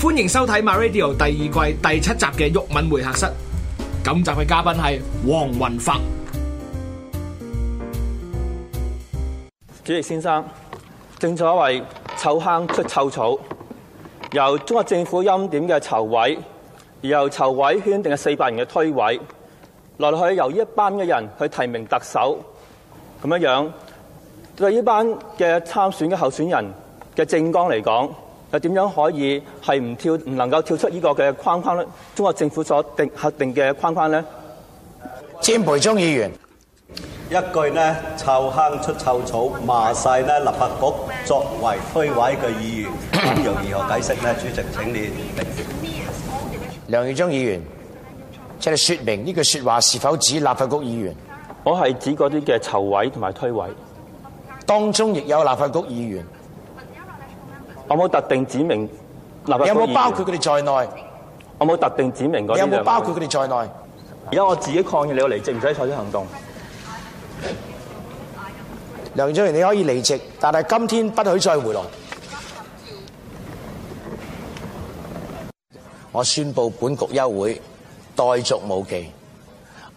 歡迎收睇《My Radio》第二季第七集嘅毓民會客室。今集嘅嘉賓係黃宏發，主席先生。正所謂臭坑出臭草，由中國政府欽點嘅籌委，而由籌委圈定嘅四百人嘅推委，來來去去由一班嘅人去提名特首，咁樣樣對呢班嘅參選嘅候選人嘅政綱嚟講。又點樣可以係唔跳唔能夠跳出呢個嘅框框咧？中國政府所定核定嘅框框咧？詹培忠議員一句呢，臭坑出臭草，罵晒咧立法局作為推委嘅議員，又如何解釋咧？主席請你定奪。梁耀忠議員，即係説明呢句説話是否指立法局議員？我係指嗰啲嘅籌委同埋推委，當中亦有立法局議員。我冇特定指明，有冇包括佢哋在內？我冇特定指明嗰啲人，有冇包括佢哋在內？而家我自己抗議，你要離席，唔使採取行動。梁振英，你可以離席，但係今天不許再回來。我宣布本局休會，待續冇忌。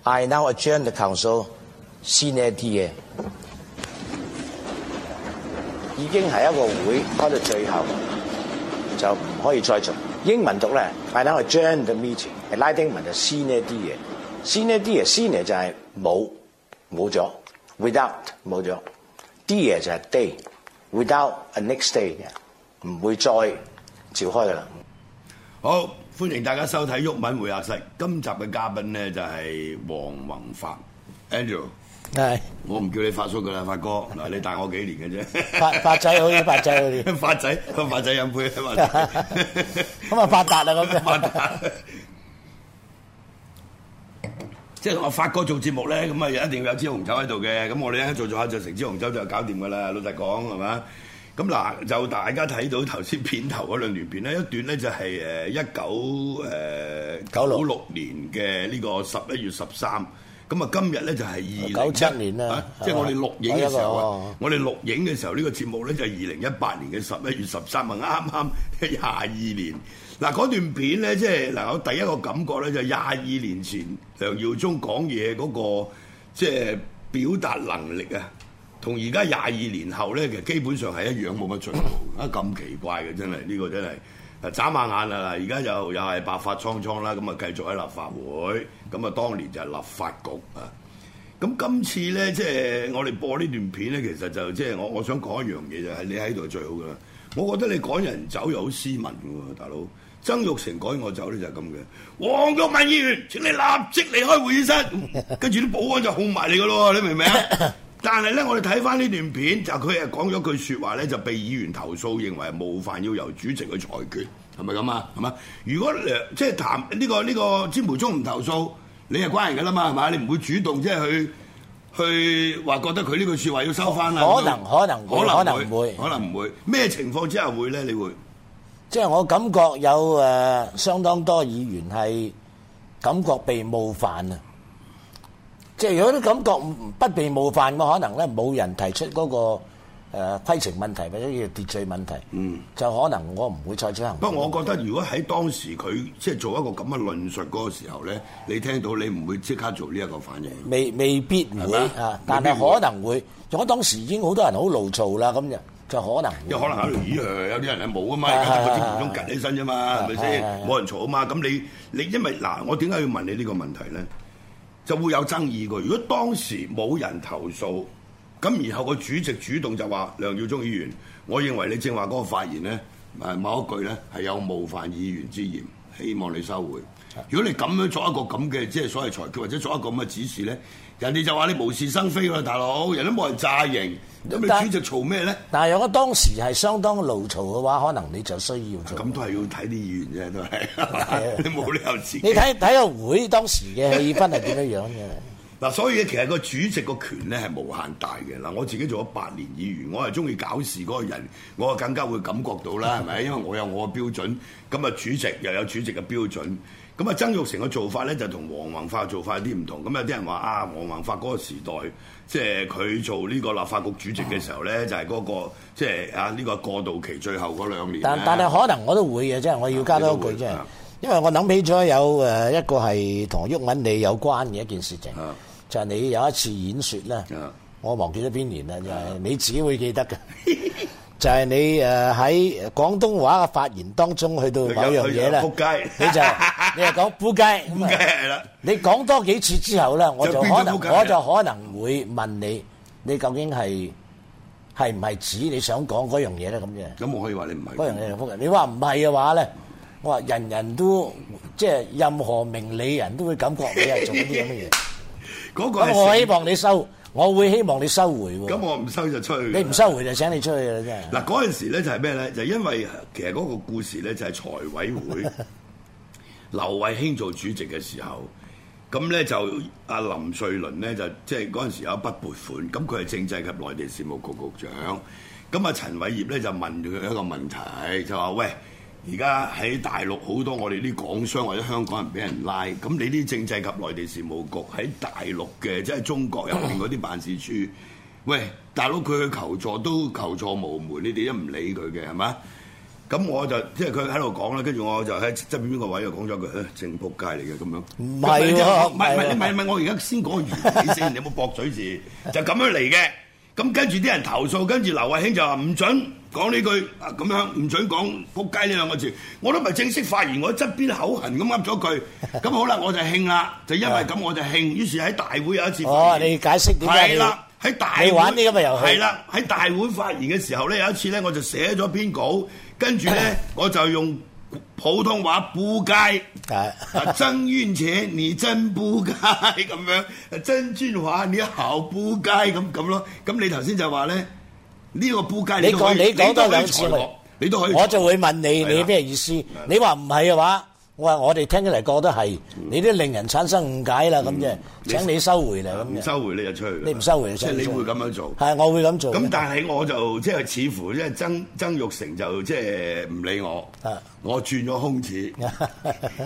I now adjourn the council 先呢一啲嘢.已經係一個會開到最後，就唔可以再做。英文讀咧係等個 adjourn the meeting，係拉丁文就 sine 啲嘢。sine 啲嘢 sine 就係冇冇咗，without 冇咗。啲嘢就係 day，without a next day 嘅，唔會再召開噶啦。好，歡迎大家收睇《毓民會客室》。今集嘅嘉賓咧就係黃宏發，Andrew。係，是我唔叫你發叔噶啦，發哥，嗱你大我幾年嘅啫。發發仔好似發仔好啲。發仔，發仔飲杯，咁啊發達啦咁。即係我發哥做節目咧，咁啊一定要有一支紅酒喺度嘅。咁我哋一做做下就成支紅酒就搞掂噶啦。老實講係嘛？咁嗱，就大家睇到頭先片頭嗰兩段片咧，一段咧就係誒一九誒九六六年嘅呢個十一月十三。咁啊，今日咧就係一九九七年啦，即係我哋錄影嘅時候啊，哦、我哋錄影嘅時候呢個節目咧就係二零一八年嘅十一月十三日啊，啱啱係廿二年。嗱，嗰段片咧，即係嗱我第一個感覺咧就係廿二年前梁耀忠講嘢嗰個即係、就是、表達能力啊，同而家廿二年後咧其實基本上係一樣，冇乜進步啊，咁奇怪嘅真係呢、嗯、個真係。眨下眼啦！而家又又係白髮蒼蒼啦，咁啊繼續喺立法會。咁啊當年就係立法局啊。咁今次咧，即係我哋播呢段片咧，其實就即係我我想講一樣嘢就係你喺度最好嘅。我覺得你趕人走又好斯文嘅喎，大佬。曾玉成趕我走咧就係咁嘅。黃毓民議員，請你立即離開會議室。跟住啲保安就控埋你嘅咯，你明唔明啊？但係咧，我哋睇翻呢段片，就佢係講咗句説話咧，就被議員投訴，認為冒犯，要由主席去裁決，係咪咁啊？係嘛？如果即係談呢個呢個詹培忠唔投訴，你係關人噶啦嘛？係嘛？你唔會主動即係去去話覺得佢呢句説話要收翻啦？可能可能可能唔會，會，可能唔會。咩的情況之下會咧？你會即係我感覺有誒，相當多議員係感覺被冒犯啊！即係如果啲感覺不被冒犯嘅可能咧，冇人提出嗰個誒規程問題或者叫秩序問題，嗯、就可能我唔會再行。不過我覺得，如果喺當時佢即係做一個咁嘅論述嗰個時候咧，你聽到你唔會即刻做呢一個反應。未未必唔會啊，是吧但係是 可能會。如果當時已經好多人好嘮嘈啦，咁就就可能會。有可能喺度、嗯、咦？有啲人係冇啊嘛，而家坐喺支圓中趌起身啫嘛，係咪先？冇人嘈啊嘛。咁你你因為嗱，我點解要問你呢個問題咧？就會有爭議個。如果當時冇人投訴，咁然後個主席主動就話：梁耀忠議員，我認為你正話嗰個發言呢，某一句呢，係有冒犯議員之嫌，希望你收回。如果你咁樣作一個咁嘅即係所謂裁決，或者作一個咁嘅指示咧，人哋就話你無事生非喎，大佬，人都冇人詐型，咁你主席嘈咩咧？但係如果當時係相當勞嘈嘅話，可能你就需要做。咁、啊、都係要睇啲語言啫，都係，的 你冇理由自己你。你睇睇個會當時嘅氣氛係點樣樣嘅。 嗱，所以咧，其實個主席個權咧係無限大嘅。嗱，我自己做咗八年議員，我係中意搞事嗰個人，我啊更加會感覺到啦，係咪？因為我有我嘅標準，咁啊主席又有主席嘅標準。咁啊，曾鈺成嘅做法咧就同黃宏發做法有啲唔同。咁有啲人話啊，黃宏發嗰個時代，即係佢做呢個立法局主席嘅時候咧，就係嗰個即係啊呢個過渡期最後嗰兩年。但但係可能我都會嘅，即係我要加多一句啫。啊、因為我諗起咗有誒一個係同毓民你有關嘅一件事情。啊就係你有一次演説咧，我忘記咗邊年啦，就係你自己會記得嘅。就係你誒喺廣東話嘅發言當中，去到某樣嘢啦，你就你係講撲街咁啊！你講多幾次之後咧，我就可能我就可能會問你，你究竟係係唔係指你想講嗰樣嘢咧？咁嘅。咁我可以話你唔係。嗰樣嘢係撲街，你話唔係嘅話咧，我話人人都即係任何明理人都會感覺你係做啲咁嘅嘢。嗰個我希望你收，我會希望你收回喎。咁我唔收就出去。你唔收回就請你出去啦，真係。嗱嗰陣時咧就係咩咧？就係、因為其實嗰個故事咧就係財委會 劉慧卿做主席嘅時候，咁咧就阿林瑞麟咧就即係嗰陣時有一筆撥款，咁佢係政制及內地事務局局長，咁啊陳偉業咧就問佢一個問題，就話喂。而家喺大陸好多我哋啲港商或者香港人俾人拉，咁你啲政制及內地事務局喺大陸嘅，即係中國入邊嗰啲辦事處， 喂，大佬，佢去求助都求助無門，你哋都唔理佢嘅係嘛？咁我就即係佢喺度講啦，跟住我就喺側邊邊個位又講咗句，誒正仆街嚟嘅咁樣。唔係唔係唔係唔係，我而家先講完死人， 你有冇駁嘴字？就咁樣嚟嘅。咁跟住啲人投訴，跟住劉慧卿就話唔准講呢句啊咁樣，唔准講仆街呢兩個字。我都唔係正式發言，我側邊口痕咁噏咗句。咁 好啦，我就興啦，就因為咁我就興。於是喺大會有一次發言，我話、哦、你解釋點解啦，喺大會玩呢個遊戲。係啦，喺大會發言嘅時候咧，有一次咧，我就寫咗篇稿，跟住咧我就用。 普通話撲街，啊曾淵，且你真撲街咁樣，曾俊華你好撲街咁咁咯，咁你頭先就話咧呢個撲街，你講你講多兩次我，你都可以，可以我就會問你的你咩意思，的你話唔係嘅話。我我哋聽起嚟覺得係，你都令人產生誤解啦咁嘅。嗯、請你收回嚟，咁唔收回你就出去。你唔收回，即去！就你會咁樣做。係，我會咁做。咁但係我就即係、就是、似乎，即係曾曾玉成就即係唔理我。的我轉咗空子。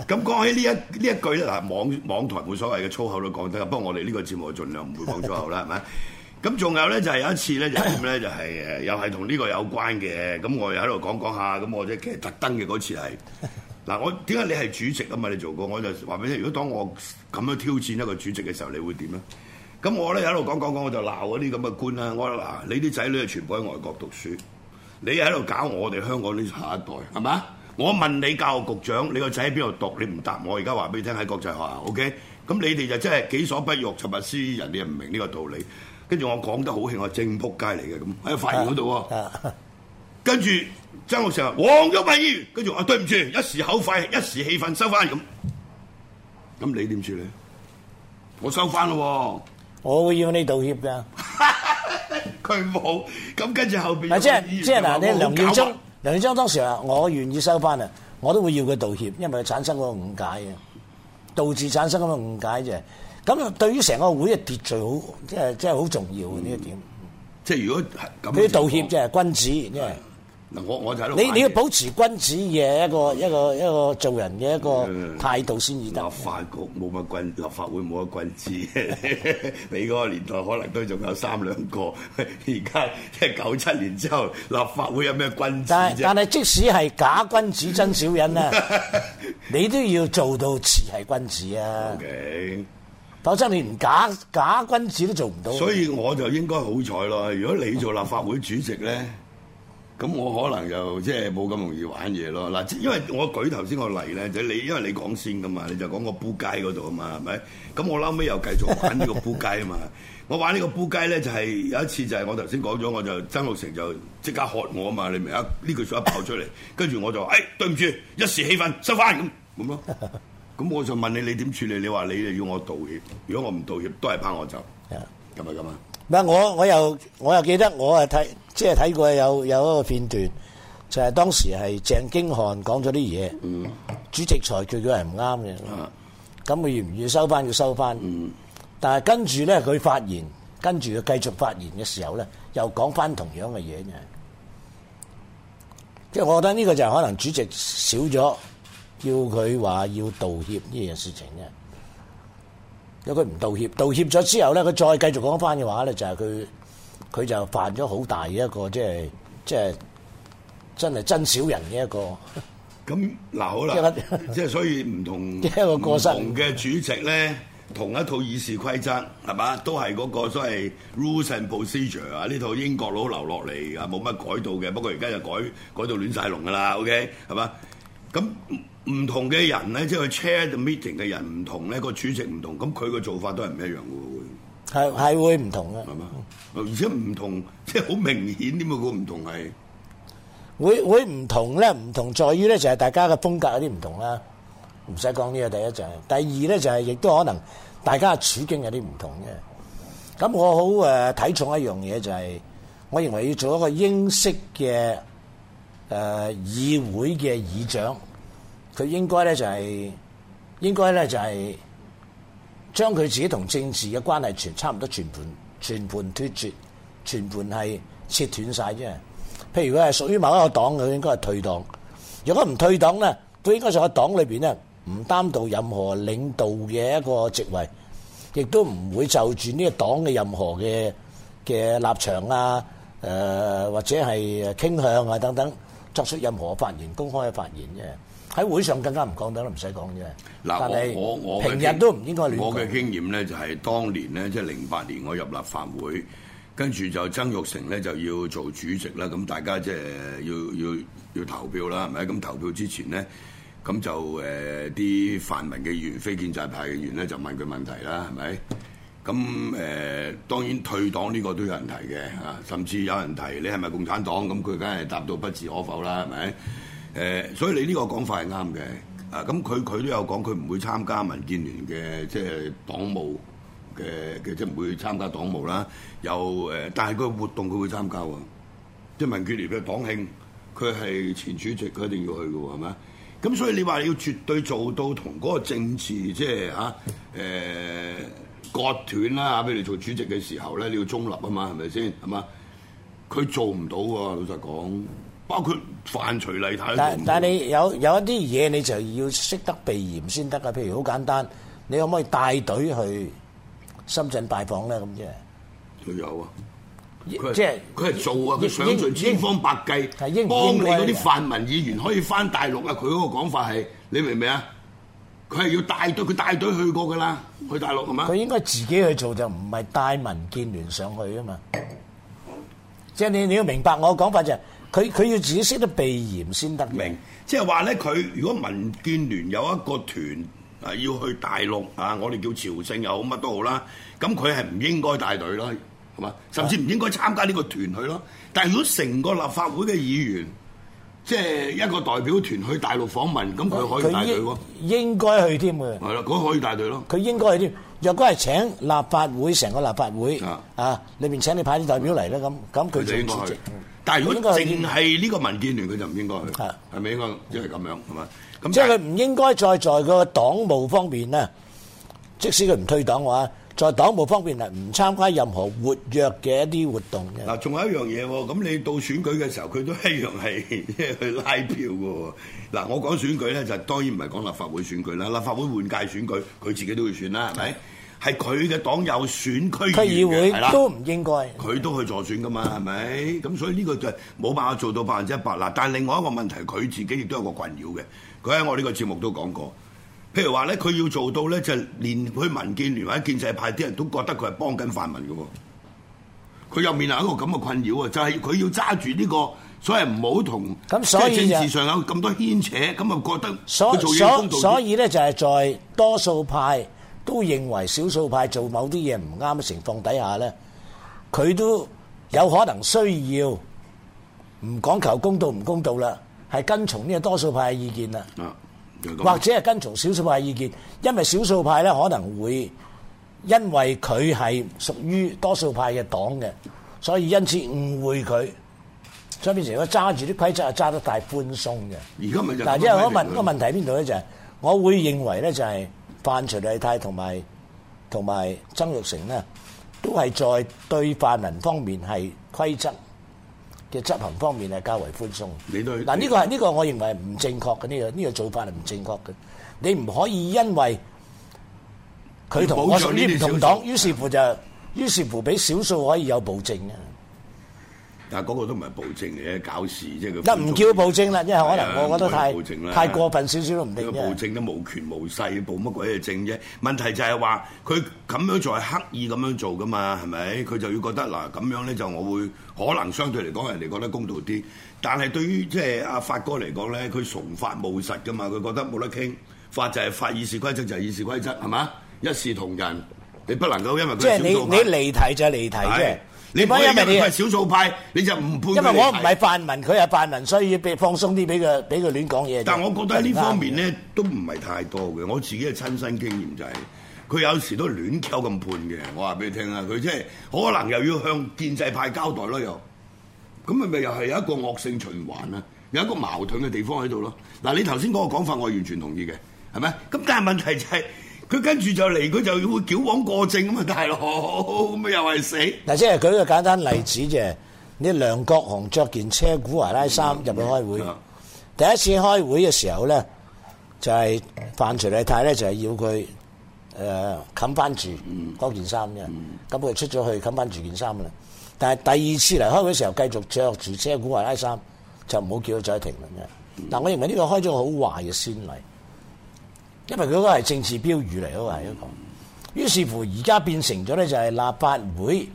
咁講 起呢一呢一句咧、啊，網網台冇所謂嘅粗口都講得。不過我哋呢個節目盡量唔會講粗口啦，係咪？ 咁仲有咧就係、是、有一次咧 就咁咧就係，又係同呢個有關嘅。咁我又喺度講講下。咁我即係特登嘅嗰次係。嗱、啊，我點解你係主席啊嘛？你做過，我就話俾你聽。如果當我咁樣挑戰一個主席嘅時候，你會點咧？咁我咧喺度講講講，我就鬧嗰啲咁嘅官啦。我話嗱、啊，你啲仔女全部喺外國讀書，你喺度搞我哋香港啲下一代，係嘛？我問你教育局長，你個仔喺邊度讀？你唔答我。我而家話俾你聽，喺國際學校，OK？咁你哋就真係己所不欲，就勿施於人。你又唔明呢個道理？跟住我講得好興，我正撲街嚟嘅咁喺法院嗰度喎。 跟住張學成話：黃毓民跟住我對唔住，一時口快，一時氣憤收翻咁。咁你點處理？我收翻咯喎，我會要你道歉㗎。佢唔好。咁跟住後邊即係即係嗱，你梁耀忠、梁耀忠當時話：我願意收翻啊，我都會要佢道歉，因為佢產生嗰個誤解啊，導致產生咁嘅誤解啫。咁對於成個會嘅秩序好，即係即係好重要嘅呢一點。即係如果咁，啲道歉即係君子，因為。嗱我我就喺度，你你要保持君子嘅一個、嗯、一個一個,一個做人嘅一個態度先至得。立法局冇乜君子，立法會冇乜君子。 你嗰個年代可能都仲有三兩個，而家即係九七年之後，立法會有咩君子？但係但係即使係假君子 真小人啊，你都要做到似係君子啊。Okay. 否則你連假假君子都做唔到。所以我就應該好彩咯。如果你做立法會主席咧？ 咁我可能就即係冇咁容易玩嘢咯。嗱，因為我舉頭先個例咧，就係、你因為你講先噶嘛，你就講個仆街嗰度啊嘛，係咪？咁我撈尾又繼續玩呢個仆街啊嘛。 我玩個呢個仆街咧，就係、係、有一次就係我頭先講咗，我就曾鈺成就即刻喝我啊嘛，你明一呢句說話一爆出嚟，跟住 我就話：誒、哎、對唔住，一時氣憤收翻咁咁咯。咁我就問你，你點處理？你話你就要我道歉，如果我唔道歉，都係拋我走。係啊， 咁咪。咁啊。唔我，我又我又記得我睇，即係睇過有有一個片段，就係、是、當時係鄭經翰講咗啲嘢，嗯、主席裁決佢係唔啱嘅，咁佢願唔願意收翻要收翻，但係跟住咧佢發言，跟住佢繼續發言嘅時候咧，又講翻同樣嘅嘢，即、就、係、是、我覺得呢個就係可能主席少咗叫佢話要道歉呢樣事情如果佢唔道歉，道歉咗之後咧，佢再繼續講翻嘅話咧，就係佢佢就犯咗好大嘅一個，即係即係真係真小人嘅一個。咁嗱，好啦，即係 所以唔同唔 同嘅主席咧，同一套議事規則係嘛，都係嗰個所謂 rules and procedure 啊，呢套英國佬留落嚟啊，冇乜改到嘅，不過而家就改改到亂晒龍噶啦，OK 係嘛？咁。唔同嘅人咧，即係去 chair the meeting 嘅人唔同咧，個是主席唔同，咁佢個做法都係唔一樣嘅，會，係係會唔同嘅，係嘛？而且唔同，即係好明顯啲嘛，個唔同係，會會唔同咧？唔同在於咧，就係大家嘅風格有啲唔同啦。唔使講呢個第一就是，第二咧就係亦都可能大家嘅處境有啲唔同嘅。咁我好誒睇重一樣嘢就係、是，我認為要做一個英式嘅誒、呃、議會嘅議長。佢應該咧就係、是、應該咧就係將佢自己同政治嘅關係全差唔多全盤全盤脫絕，全盤係切斷晒啫。譬如佢係屬於某一個黨，佢應該係退黨。如果唔退黨咧，佢應該喺黨裏面咧唔擔到任何領導嘅一個職位，亦都唔會就住呢個黨嘅任何嘅嘅立場啊，呃、或者係傾向啊等等。作出任何發言，公開嘅發言嘅，喺會上更加唔講得，唔使講啫。嗱，但係，我我我平日都唔應該亂講。我嘅經驗咧就係當年咧，即係零八年我入立法會，跟住就曾鈺成咧就要做主席啦。咁大家即係要要要投票啦，係咪？咁投票之前咧，咁就誒啲泛民嘅議員、非建制派嘅議員咧就問佢問題啦，係咪？咁誒、呃、當然退黨呢個都有人提嘅啊，甚至有人提你係咪共產黨？咁佢梗係答到不置可否啦，係咪、呃？所以你呢個講法係啱嘅。啊，咁佢佢都有講，佢唔會參加民建聯嘅即係黨務嘅嘅，即係唔會參加黨務啦。又、呃、但係佢個活動佢會參加喎，即、就、係、是、民建聯嘅黨慶，佢係前主席，佢一定要去嘅喎，係咪？咁所以你話你要絕對做到同嗰個政治即係、啊呃割斷啦，譬如做主席嘅時候咧，你要中立啊嘛，係咪先？係嘛？佢做唔到啊，老實講。包括范徐麗泰都唔做。但但你有有一啲嘢，你就要識得避嫌先得啊。譬如好簡單，你可唔可以帶隊去深圳拜訪咧？咁即係佢有啊，即係佢係做啊，佢應想盡千應方百計應幫你嗰啲泛民議員可以翻大陸啊。佢嗰應個講法係，你明唔明啊？佢係要帶隊，佢帶隊去過㗎喇，去大陸係嘛？佢應該自己去做，就唔係帶民建聯上去啊嘛。即係你你要明白我講法就係、是，佢佢要自己識得避嫌先得，明白。即係話咧，佢如果民建聯有一個團啊要去大陸啊，我哋叫朝聖又好乜都好啦，咁佢係唔應該帶隊咯，係嘛？嗎甚至唔應該參加呢個團去咯。但係如果成個立法會嘅議員，即係一個代表團去大陸訪問，咁佢可以帶隊喎。應該去添嘅。係啦，佢可以帶隊咯。佢應該去添。若果係請立法會成個立法會的啊，裏邊請你派啲代表嚟咧，咁咁佢就應該去。但係如果淨係呢個民建聯，佢就唔應該去。係咪的、就是、應該即係咁樣係嘛？即係佢唔應該再在個黨務方面咧，即使佢唔退黨嘅話。在黨務方面係唔參加任何活躍嘅一啲活動嘅。嗱，仲有一樣嘢喎，咁你到選舉嘅時候，佢都一樣係去拉票嘅喎。嗱，我講選舉咧，就當然唔係講立法會選舉啦，立法會換屆選舉，佢自己都會選啦，係咪？係佢嘅黨有選區議員嘅都唔應該。佢啦都去助選噶嘛，係咪？咁 所以呢個就冇辦法做到百分之一百啦。但係另外一個問題，佢自己亦都有個困擾嘅，佢喺我呢個節目都講過。譬如話咧，佢要做到咧，就係連佢民建聯或者建制派啲人都覺得佢係幫緊泛民嘅喎，佢又面臨一個咁嘅困擾啊！就係、是、佢要揸住呢個，所謂唔好同即係政治上有咁多牽扯，咁啊覺得佢做嘢公道啲。所以咧，所以就係在多數派都認為少數派做某啲嘢唔啱嘅情況底下咧，佢都有可能需要唔講求公道唔公道啦，係跟從呢個多數派嘅意見啊。或者係跟從少數派意見，因為少數派咧可能會因為佢係屬於多數派嘅黨嘅，所以因此誤會佢，所以變成佢揸住啲規則啊，揸得太寬鬆嘅。嗱，因為我問個問題邊度咧，就係我會認為咧就係范徐麗泰同埋同埋曾鈺成咧，都係在對泛民方面係規則。嘅執行方面係較為寬鬆。嗱，呢個係呢個，我認為唔正確嘅呢個呢個做法係唔正確嘅。你唔可以因為佢同我屬唔同黨，於是乎就於是乎俾少數可以有保證嘅。但嗰個都唔係暴政嚟嘅，搞事即係佢。得唔叫暴政啦？因為可能我覺得太暴政太過分少少都唔定。個暴政都冇權冇勢，暴乜鬼嘢政啫？問題就係話佢咁樣做係刻意咁樣做噶嘛？係咪？佢就要覺得嗱咁、啊、樣咧，就我會可能相對嚟講，人哋覺得公道啲。但係對於即係阿法哥嚟講咧，佢崇法務實噶嘛，佢覺得冇得傾。法就係法，議事規則就係議事規則，係嘛？一視同仁，你不能夠因為佢。即係你你離題就係離題。你唔可以因為少數派你就唔判。因為我唔係泛民，佢係泛民，所以要俾放鬆啲，俾佢俾佢亂講嘢。但係我覺得喺呢方面咧都唔係太多嘅。我自己嘅親身經驗就係、是，佢有時候都亂溝咁判嘅。我話俾你聽啊，佢即係可能又要向建制派交代咯，又咁咪咪又係有一個惡性循環啊？有一個矛盾嘅地方喺度咯。嗱，你頭先講嘅講法，我完全同意嘅，係咪？咁梗係問題、就是。佢跟住就嚟，佢就會矯枉過正咁嘛。大佬咁啊，又係死嗱！即係舉個簡單例子啫，你、嗯、梁國雄着件車古華拉衫入去開會，嗯嗯、第一次開會嘅時候咧，嗯、就係范徐麗泰咧就係要佢誒冚翻住嗰件衫啫，咁佢、嗯嗯、出咗去冚翻住件衫啦。但係第二次嚟開會嘅時候，繼續着住車古華拉衫，就唔好叫佢再停啦。嗱、嗯，但我認為呢個開咗好壞嘅先例。因為佢嗰個係政治標語嚟嘅嘛，係一個。於是乎而家變成咗咧，就係立法會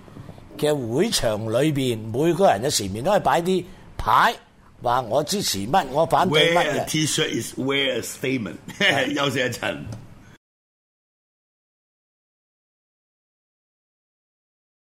嘅會場裏邊，每個人嘅前面都係擺啲牌，話我支持乜，我反對乜嘅。Wear a T-shirt is wear a statement。休息一陣。